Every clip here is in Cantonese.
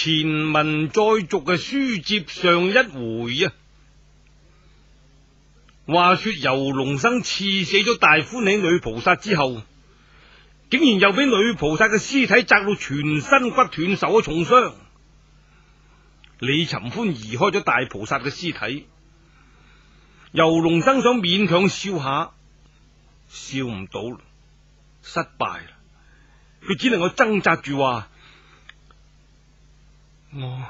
前文再續嘅書接上一回啊，話說游龍生刺死咗大歡喜女菩薩之後，竟然又俾女菩薩嘅屍體砸到全身骨斷，受咗重傷。李尋歡移開咗大菩薩嘅屍體，游龍生想勉強笑下，笑唔到，失敗啦。佢只能夠掙扎住話。我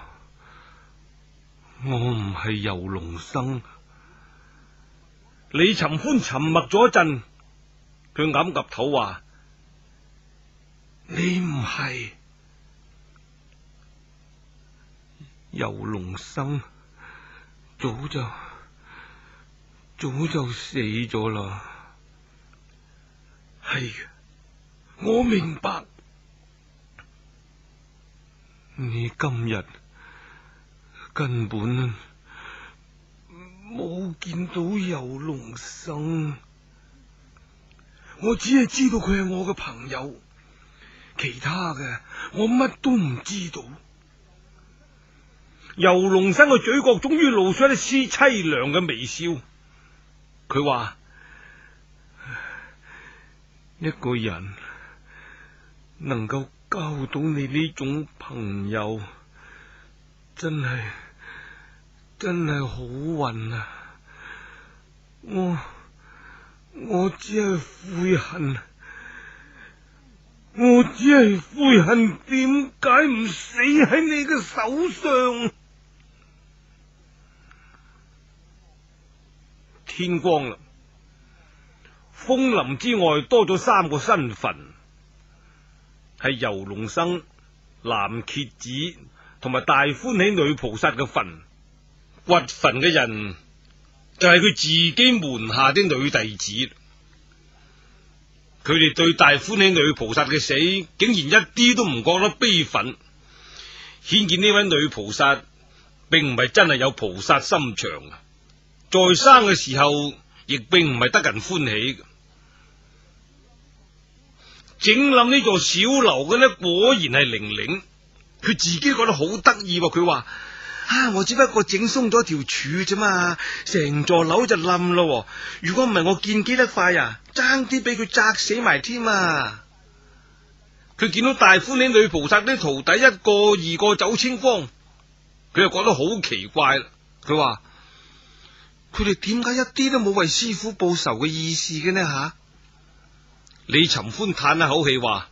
我唔係游龍生，李尋歡沉默咗一陣，佢揞岌頭話：你唔係游龍生，早就早就死咗啦。係嘅，我,我明白。你今日根本冇見到游龍生，我只係知道佢係我嘅朋友，其他嘅我乜都唔知道。游龍生嘅嘴角終於露出一絲淒涼嘅微笑，佢話：一個人。能夠交到你呢種朋友，真係真係好運啊！我我只係悔恨，我只係悔恨，點解唔死喺你嘅手上？天光啦，楓林之外多咗三個新墳。係游龍生、藍蠍子同埋大歡喜女菩薩嘅墳，掘墳嘅人就係、是、佢自己門下啲女弟子。佢哋對大歡喜女菩薩嘅死，竟然一啲都唔覺得悲憤，顯見呢位女菩薩並唔係真係有菩薩心腸啊！在生嘅時候，亦並唔係得人歡喜。整冧呢座小樓嘅呢，果然係玲玲。佢自己覺得好得意，佢話：啊，我只不過整鬆咗條柱啫嘛，成座樓就冧咯。如果唔係我見機得快啊，爭啲俾佢砸死埋添。佢見到大歡喜啲女菩薩啲徒弟一個二個走清風，佢又覺得好奇怪啦。佢話：佢哋點解一啲都冇為師傅報仇嘅意思嘅呢？吓？李尋歡嘆一口氣話：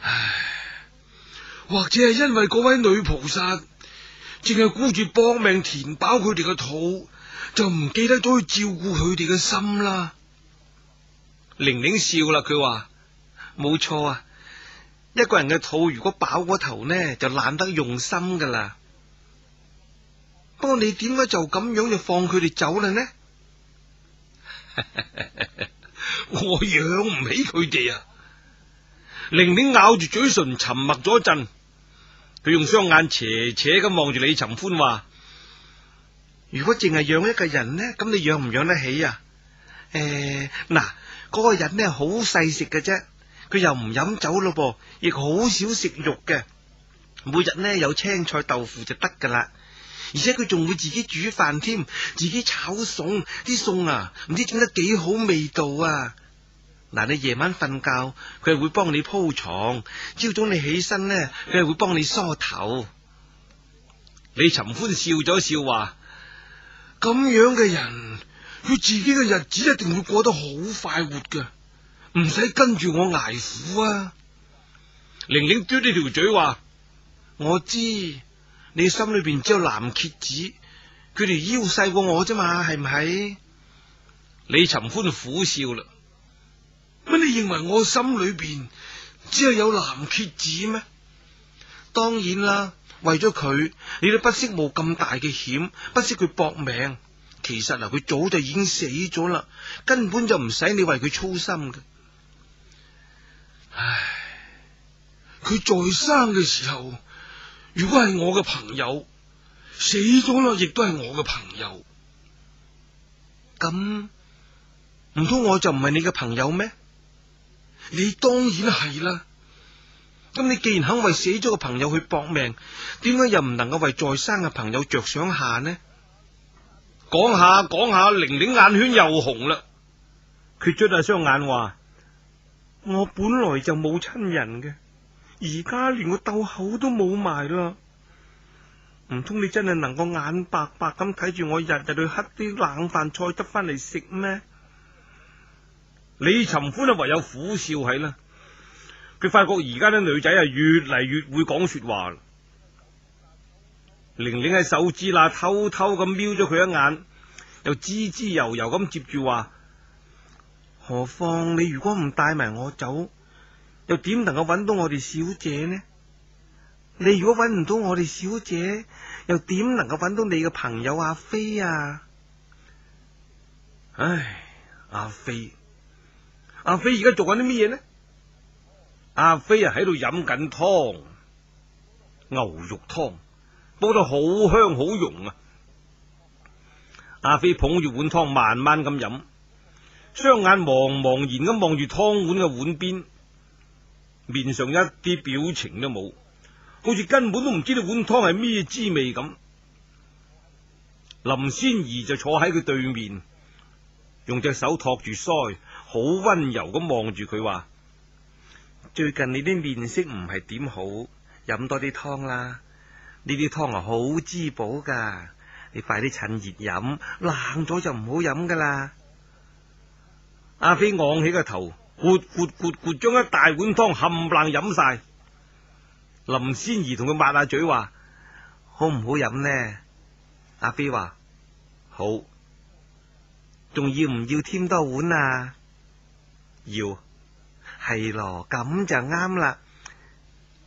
唉，或者係因為嗰位女菩薩，淨係顧住幫命填飽佢哋嘅肚，就唔記得咗去照顧佢哋嘅心啦。玲玲笑啦，佢話：冇錯啊，一個人嘅肚如果飽過頭呢，就懶得用心噶啦。不過你點解就咁樣就放佢哋走啦呢？我養唔起佢哋啊！玲玲咬住嘴唇，沉默咗一陣。佢用雙眼斜斜咁望住李尋歡話：如果淨係養一個人呢，咁你養唔養得起啊？誒、欸，嗱、嗰，那個人呢，好細食嘅啫，佢又唔飲酒咯噃，亦好少食肉嘅，每日呢有青菜豆腐就得噶啦。而且佢仲會自己煮飯添，自己炒餸，啲餸啊唔知整得幾好味道啊！嗱、呃，你夜晚瞓覺，佢係會幫你鋪床；朝早你起身呢，佢係會幫你梳頭。李尋歡笑咗笑，話：咁樣嘅人，佢自己嘅日子一定會過得好快活㗎，唔使跟住我挨苦啊！玲玲嘟呢條嘴，話：我知。你心裏邊只有藍蠍子，佢哋要細過我啫嘛，係唔係？李尋歡苦笑啦。乜你認為我心裏邊只係有藍蠍子咩？當然啦，為咗佢，你都不惜冒咁大嘅險，不惜佢搏命。其實啊，佢早就已經死咗啦，根本就唔使你為佢操心嘅。唉，佢在生嘅時候。如果係我嘅朋友死咗咯，亦都係我嘅朋友。咁唔通我就唔係你嘅朋友咩？你當然係啦。咁你既然肯為死咗嘅朋友去搏命，點解又唔能夠為在生嘅朋友着想下呢？講下講下，玲玲眼圈又紅啦，撅咗對雙眼話：我本來就冇親人嘅。而家連個鬥口都冇埋啦，唔通你真係能夠眼白白咁睇住我日日去乞啲冷飯菜汁翻嚟食咩？李尋歡啊，唯有苦笑起啦。佢發覺而家啲女仔啊，越嚟越會講說話。玲玲喺手指罅偷偷咁瞄咗佢一眼，又滋滋悠悠咁接住話：「何況你如果唔帶埋我走，又點能夠揾到我哋小姐呢？你如果揾唔到我哋小姐，又點能夠揾到你嘅朋友阿飛啊？唉，阿飛，阿飛而家做緊啲咩嘢呢？阿飛啊，喺度飲緊湯，牛肉湯煲到好香好濃啊！阿飛捧住碗湯，慢慢咁飲，雙眼茫茫然咁望住湯碗嘅碗邊。面上一啲表情都冇，好似根本都唔知道碗湯係咩滋味咁。林仙兒就坐喺佢對面，用隻手托住腮，好温柔咁望住佢話：最近你啲面色唔係點好，飲多啲湯啦。呢啲湯啊好滋補噶，你快啲趁熱飲，冷咗就唔好飲噶啦。阿、啊、飛昂起個頭。活活活活，將一大碗湯冚冷飲晒。林仙兒同佢抹下嘴，話：好唔好飲呢？阿飛話：好。仲要唔要添多碗啊？要。係咯，咁就啱啦。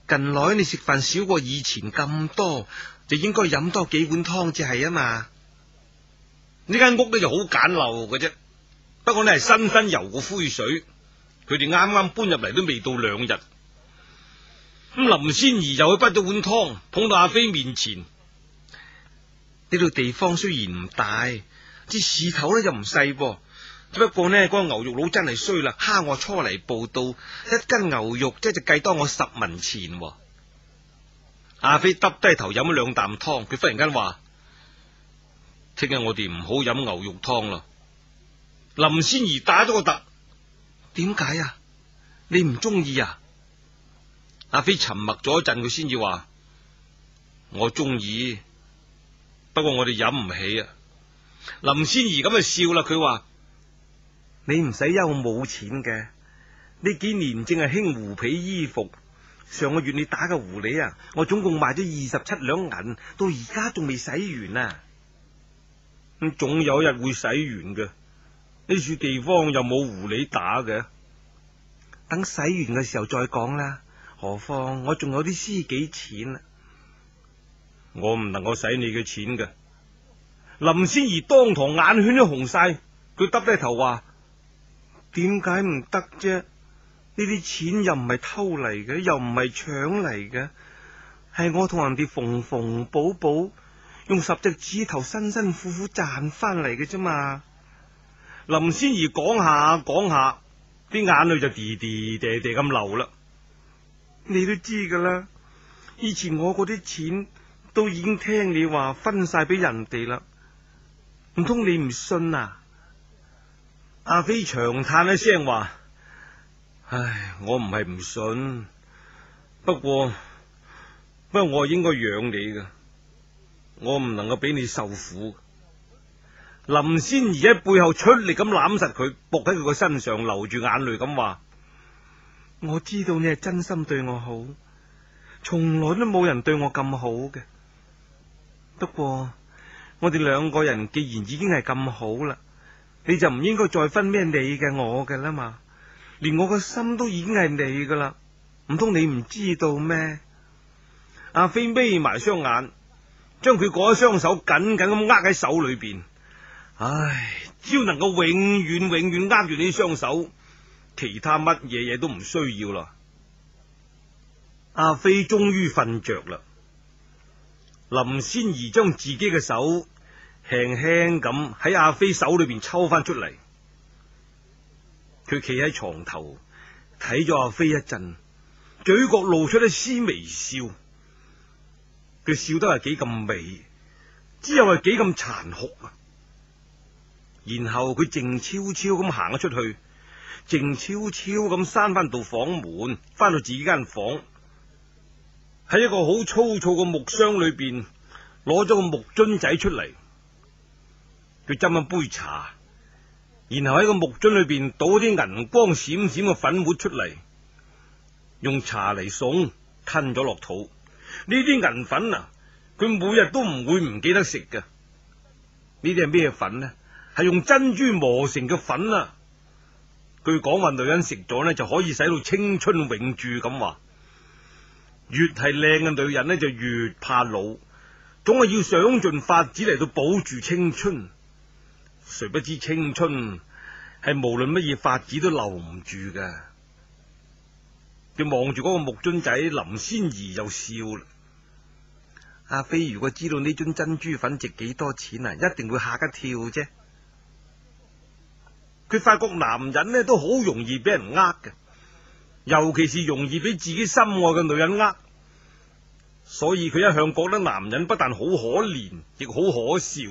近來你食飯少過以前咁多，就應該飲多幾碗湯至係啊嘛。呢間屋呢就好簡陋嘅啫，不過呢係新新油過灰水。佢哋啱啱搬入嚟都未到兩日，咁林仙兒又去滗咗碗湯捧到阿飛面前。呢度 地方雖然唔大，啲市頭咧又唔細，只不過呢，嗰、那個牛肉佬真係衰啦，蝦我初嚟報到，一斤牛肉即係計多我十文錢。阿飛耷低頭飲咗兩啖湯，佢忽然間話：聽日我哋唔好飲牛肉湯啦。林仙兒打咗個突。點解啊？你唔中意啊？阿飛沉默咗一陣，佢先至話：我中意，不過我哋飲唔起啊！林仙兒咁就笑啦，佢話：你唔使憂冇錢嘅，呢幾年淨係興狐皮衣服。上個月你打嘅狐狸啊，我總共賣咗二十七兩銀，到而家仲未洗完啊！咁總有一日會洗完嘅。呢處地方又冇狐狸打嘅，等洗完嘅時候再講啦。何況我仲有啲私己錢啦，我唔能夠使你嘅錢㗎。林仙兒當堂眼圈都紅晒，佢耷低頭話：點解唔得啫？呢啲錢又唔係偷嚟嘅，又唔係搶嚟嘅，係我同人哋縫縫補補，用十隻指頭辛辛苦苦賺翻嚟嘅啫嘛。林仙兒講下講下，啲眼淚就滴滴地地咁流啦。你都知噶啦，以前我嗰啲錢都已經聽你話分晒俾人哋啦，唔通你唔信啊？阿飛長嘆一聲話：唉，我唔係唔信，不過不過我應該養你噶，我唔能夠俾你受苦。林仙兒喺背後出力咁攬實佢，伏喺佢個身上流住眼淚咁話：我知道你係真心對我好，從來都冇人對我咁好嘅。不過我哋兩個人既然已經係咁好啦，你就唔應該再分咩你嘅、我嘅啦嘛。連我個心都已經係你噶啦，唔通你唔知道咩？阿飛眯埋雙眼，將佢嗰雙手緊緊咁握喺手裏邊。唉，只要能夠永遠永遠握住你雙手，其他乜嘢嘢都唔需要啦。阿飛終於瞓着啦。林仙兒將自己嘅手輕輕咁喺阿飛手裏邊抽翻出嚟。佢企喺床頭睇咗阿飛一陣，嘴角露出一絲微笑。佢笑得係幾咁美，之後係幾咁殘酷啊！然後佢靜悄悄咁行咗出去，靜悄悄咁閂翻度房門，翻到自己間房，喺一個好粗糙嘅木箱裏邊攞咗個木樽仔出嚟，佢斟咗杯茶，然後喺個木樽裏邊倒啲銀光閃閃嘅粉末出嚟，用茶嚟送吞咗落肚。呢啲銀粉啊，佢每日都唔會唔記得食㗎。呢啲係咩粉呢？係用珍珠磨成嘅粉啊，據講話女人食咗呢，就可以使到青春永駐。咁話越係靚嘅女人呢，就越怕老，總係要想盡法子，嚟到保住青春。誰不知青春係無論乜嘢法子都留唔住嘅。佢望住嗰個木樽仔，林仙兒又笑啦。阿飛、啊、如果知道呢樽珍珠粉值幾多錢啊，一定會嚇一跳啫。佢發覺男人呢都好容易俾人呃嘅，尤其是容易俾自己心愛嘅女人呃，所以佢一向覺得男人不但好可憐，亦好可笑。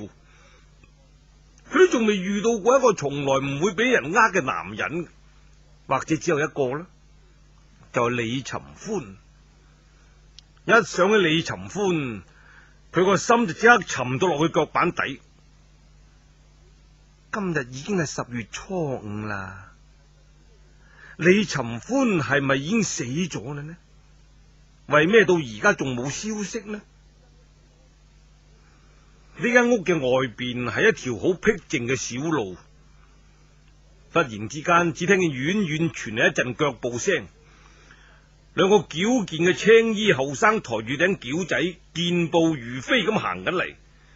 佢都仲未遇到過一個從來唔會俾人呃嘅男人，或者只有一個啦，就係李尋歡。一想起李尋歡，佢個心就即刻沉到落去腳板底。今日已經係十月初五啦，李尋歡係咪已經死咗嘞？呢為咩到而家仲冇消息呢？呢間屋嘅外邊係一條好僻靜嘅小路，忽然之間只聽見遠遠傳嚟一陣腳步聲，兩個矯健嘅青衣後生抬住頂轎仔，健步如飛咁行緊嚟，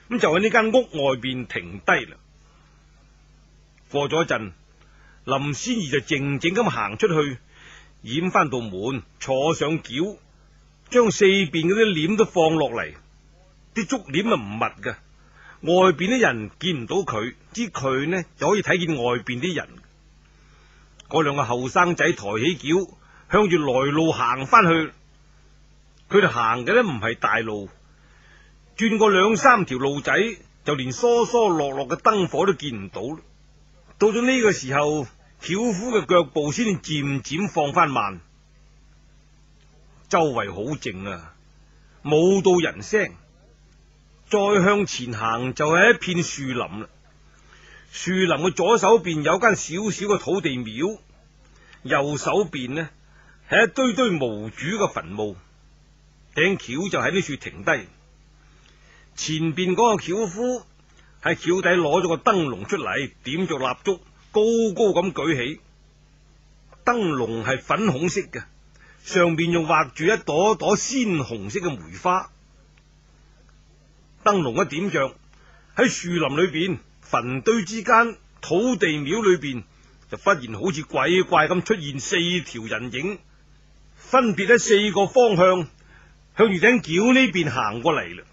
咁就喺呢間屋外邊停低啦。過咗一陣，林仙兒就靜靜咁行出去，掩翻道門，坐上轎，將四邊嗰啲簾都放落嚟。啲竹簾啊唔密嘅，外邊啲人見唔到佢，知佢呢就可以睇見外邊啲人。嗰兩個後生仔抬起轎，向住來路行翻去。佢哋行嘅呢唔係大路，轉過兩三條路仔，就連疏疏落落嘅燈火都見唔到。到咗呢個時候，轎夫嘅腳步先至漸漸放翻慢。周圍好靜啊，冇到人聲。再向前行就係一片樹林啦。樹林嘅左手邊有間小小嘅土地廟，右手邊呢係一堆堆無主嘅墳墓。頂轎，就喺呢處停低，前邊嗰個轎夫，喺轎底攞咗個燈籠出嚟，點着蠟燭，高高咁舉起。燈籠係粉紅色嘅，上邊又畫住一朵一朵鮮紅色嘅梅花。燈籠一點着，喺樹林裏邊、墳堆之間、土地廟裏邊，就忽然好似鬼怪咁出現四條人影，分別喺四個方向向住頂轎呢邊行過嚟嘞。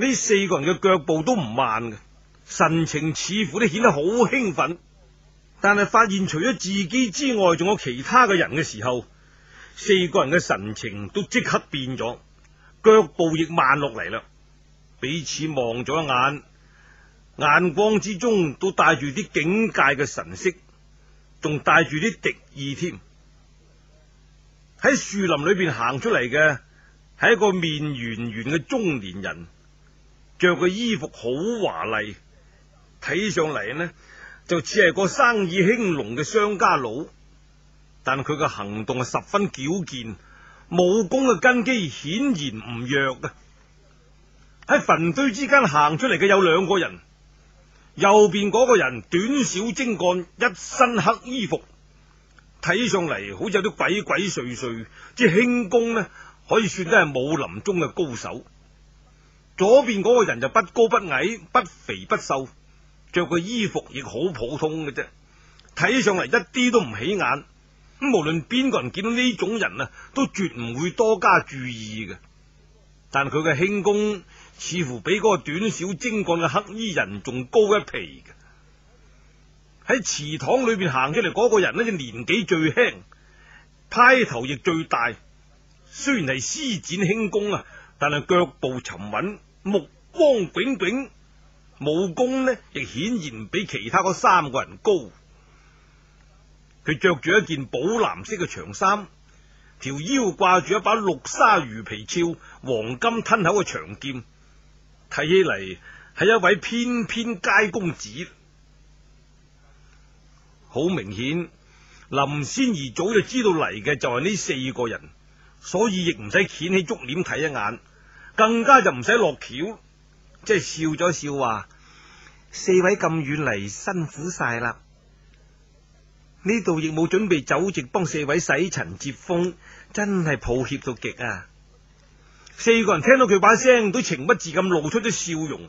呢四個人嘅腳步都唔慢嘅，神情似乎都顯得好興奮。但係發現除咗自己之外，仲有其他嘅人嘅時候，四個人嘅神情都即刻變咗，腳步亦慢落嚟啦。彼此望咗一眼，眼光之中都帶住啲警戒嘅神色，仲帶住啲敵意添。喺樹林裏邊行出嚟嘅係一個面圓圓嘅中年人。着嘅衣服好華麗，睇上嚟呢就似係個生意興隆嘅商家佬，但佢嘅行動係十分矯健，武功嘅根基顯然唔弱啊。喺墳堆之間行出嚟嘅有兩個人，右邊嗰個人短小精幹，一身黑衣服，睇上嚟好似有啲鬼鬼祟祟，之輕功呢可以算得係武林中嘅高手。左邊嗰個人就不高不矮不肥不瘦，着個衣服亦好普通嘅啫，睇上嚟一啲都唔起眼。咁無論邊個人見到呢種人啊，都絕唔會多加注意嘅。但佢嘅輕功似乎比嗰個短小精幹嘅黑衣人仲高一皮嘅。喺祠堂裏邊行出嚟嗰個人呢，就年紀最輕，派頭亦最大。雖然係施展輕功啊，但係腳步沉穩。目光炯炯，武功呢亦顯然比其他嗰三個人高。佢着住一件寶藍色嘅長衫，條腰掛住一把綠鯊魚皮鞘、黃金吞口嘅長劍，睇起嚟係一位翩翩佳公子。好明顯，林仙兒早就知道嚟嘅就係呢四個人，所以亦唔使掀起竹簾睇一眼。更加就唔使落橋，即係笑咗笑話。四位咁遠嚟辛苦晒啦，呢度亦冇準備酒席幫四位洗塵接風，真係抱歉到極啊！四個人聽到佢把聲，都情不自禁露出咗笑容。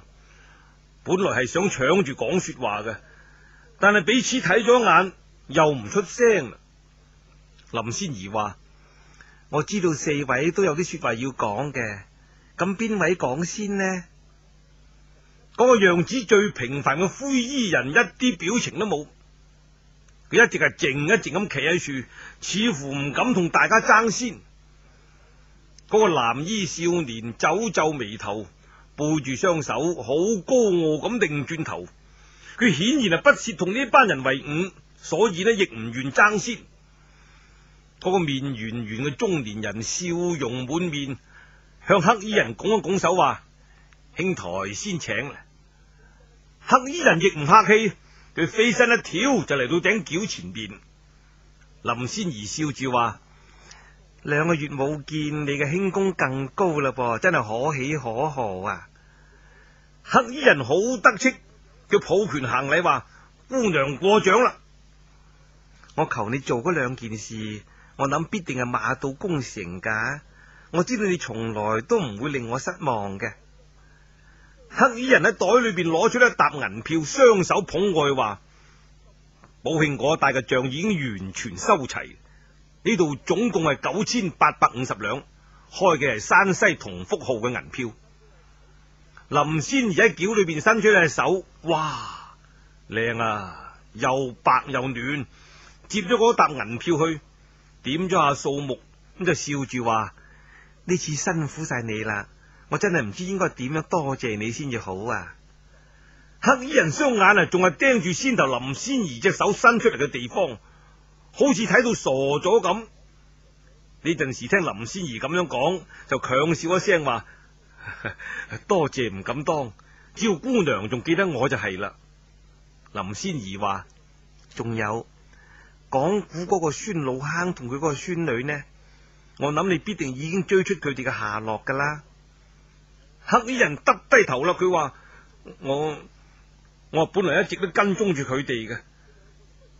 本來係想搶住講說話嘅，但係彼此睇咗眼，又唔出聲。林仙兒話：我知道四位都有啲說話要講嘅。咁邊位講先呢？嗰個樣子最平凡嘅灰衣人一啲表情都冇，佢一直係靜一靜咁企喺樹，似乎唔敢同大家爭先。嗰個藍衣少年皺皺眉頭，背住雙手，好高傲咁擰轉頭。佢顯然係不屑同呢班人為伍，所以呢亦唔願爭先。嗰個面圓圓嘅中年人笑容滿面，向黑衣人拱一拱手，話：兄台先請啦。黑衣人亦唔客氣，佢飛身一跳就嚟到頂轎前邊。林仙兒笑住話：兩個月冇見，你嘅輕功更高嘞噃，真係可喜可賀啊！黑衣人好得戚，佢抱拳行禮話：姑娘過獎啦。我求你做嗰兩件事，我諗必定係馬到功成噶。我知道你從來都唔會令我失望嘅。黑衣人喺袋裏邊攞出一沓銀票，雙手捧外話：寶慶嗰帶嘅賬已經完全收齊，呢度總共係九千八百五十兩，開嘅係山西同福號嘅銀票。林仙兒喺轎裏邊伸出一隻手，哇，靚啊，又白又暖，接咗嗰沓銀票去，點咗下數目，咁就笑住話。呢次辛苦晒你啦，我真係唔知應該點樣多謝你先至好啊！黑衣人雙眼啊，仲係盯住先頭林仙兒隻手伸出嚟嘅地方，好似睇到傻咗咁。呢陣時聽林仙兒咁樣講，就強笑一聲話： 多謝唔敢當，只要姑娘仲記得我就係啦。林仙兒話：仲有講古嗰個孫老坑同佢嗰個孫女呢？我諗你必定已經追出佢哋嘅下落噶啦。黑衣人耷低頭啦。佢話，我我本來一直都跟蹤住佢哋嘅，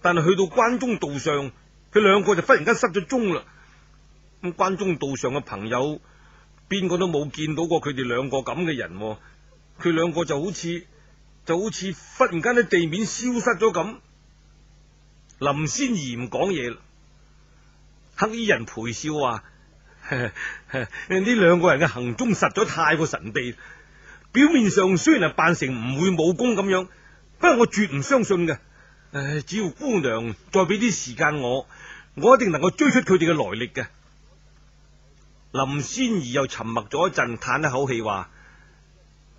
但係去到關中道上，佢兩個就忽然間失咗蹤啦。咁關中道上嘅朋友邊個都冇見到過佢哋兩個咁嘅人，佢兩個就好似就好似忽然間喺地面消失咗咁。林仙兒唔講嘢啦。黑衣人陪笑話：呢兩個人嘅行蹤實在太過神秘，表面上雖然係扮成唔會武功咁樣，不過我絕唔相信嘅。唉，只要姑娘再俾啲時間我，我一定能夠追出佢哋嘅來歷嘅。林仙兒又沉默咗一陣，嘆一口氣話：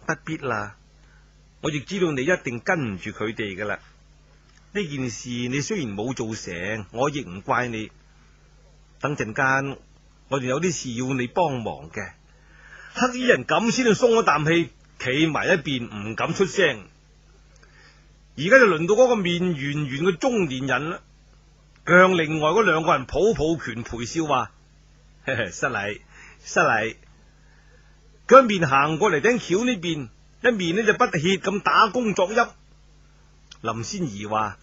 不必啦，我亦知道你一定跟唔住佢哋嘅喇。呢件事你雖然冇做成，我亦唔怪你。等陣間，我哋有啲事要你幫忙嘅。黑衣人咁先去鬆咗啖氣，企埋一邊唔敢出聲。而家就輪到嗰個面圓圓嘅中年人啦，向另外嗰兩個人抱抱拳陪笑話： 失禮，失禮。佢一面行過嚟頂橋呢邊，一面呢就不屑咁打躬作揖。林仙兒話。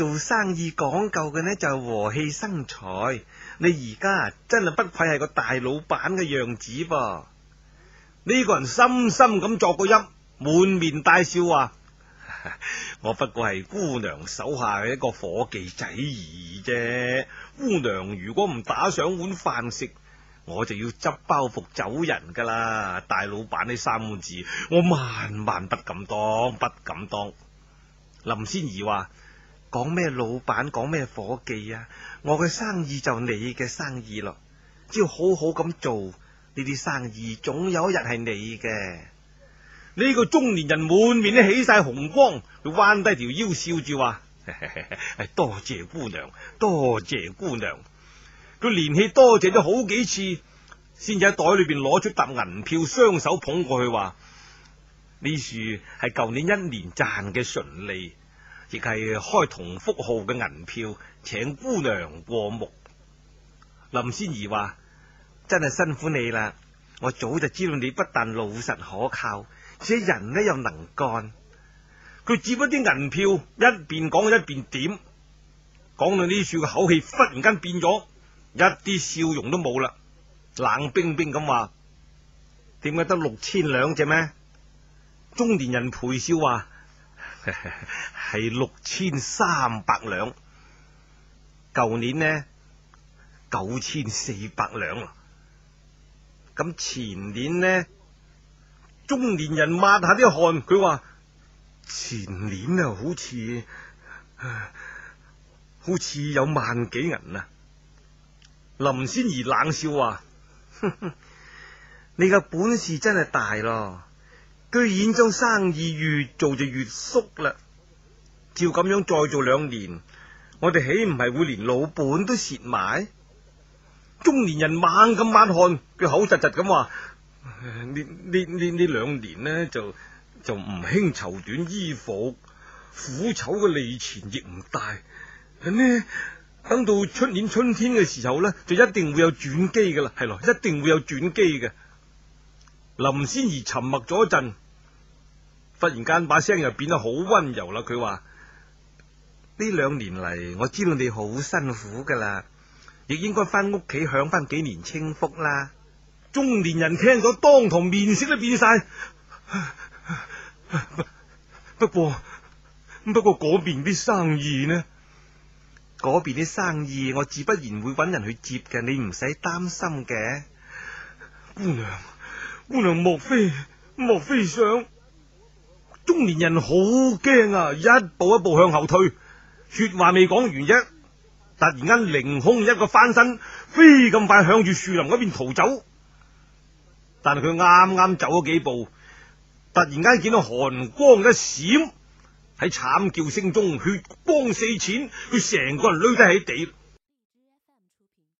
做生意講究嘅呢就和氣生財。你而家真係不愧係個大老闆嘅樣子噃。呢個人深深咁作個揖，滿面大笑話： 我不過係姑娘手下嘅一個伙計仔啫。姑娘如果唔打上碗飯食，我就要執包袱走人噶啦。大老闆呢三個字，我萬萬不敢當，不敢當。林仙兒話。講咩老闆，講咩伙計啊！我嘅生意就你嘅生意咯，只要好好咁做你啲生意，總有一日係你嘅。呢個中年人滿面都起晒紅光，佢彎低條腰笑住話： 多謝姑娘，多謝姑娘。佢連氣多謝咗好幾次，先至喺袋裏邊攞出沓銀,銀票，雙手捧過去話：呢樹係舊年一年賺嘅純利。亦係開同福號嘅銀票，請姑娘過目。林仙兒話：真係辛苦你啦，我早就知道你不但老實可靠，且人呢又能幹。佢接咗啲銀票，一邊講一邊點。講到呢處嘅口氣忽然間變咗，一啲笑容都冇啦，冷冰冰咁話：點解得六千兩只咩？中年人陪笑話。係， 六千三百兩，舊年呢九千四百兩啦。咁、啊、前年呢？中年人抹下啲汗，佢話，前年啊，好似好似有萬幾銀啊。林仙兒冷笑話：哼哼，你個本事真係大咯！居然將生意越做就越縮啦！照咁樣再做兩年，我哋豈唔係會連老本都蝕埋？中年人猛咁抹汗，佢口窒窒咁話：呢呢呢呢兩年咧，就就唔興綢短衣服，苦丑嘅利錢亦唔大。呢，等到出年春天嘅時候呢，就一定會有轉機噶啦，係咯，一定會有轉機嘅。林仙兒沉默咗一陣，忽然間把聲又變得好溫柔啦。佢話：呢兩年嚟，我知道你好辛苦噶啦，亦應該翻屋企享翻幾年清福啦。中年人聽咗，當堂面色都變晒。 不不，不過不過嗰邊啲生意呢？嗰邊啲生意，我自不然會揾人去接嘅，你唔使擔心嘅，姑娘。姑娘莫，莫非莫非想？中年人好驚啊，一步一步向後退，說話未講完啫。突然間凌空一個翻身，飛咁快向住樹林邊逃走。但係佢啱啱走咗幾步，突然間見到寒光一閃，喺慘叫聲中，血光四濺，佢成個人攞低喺地。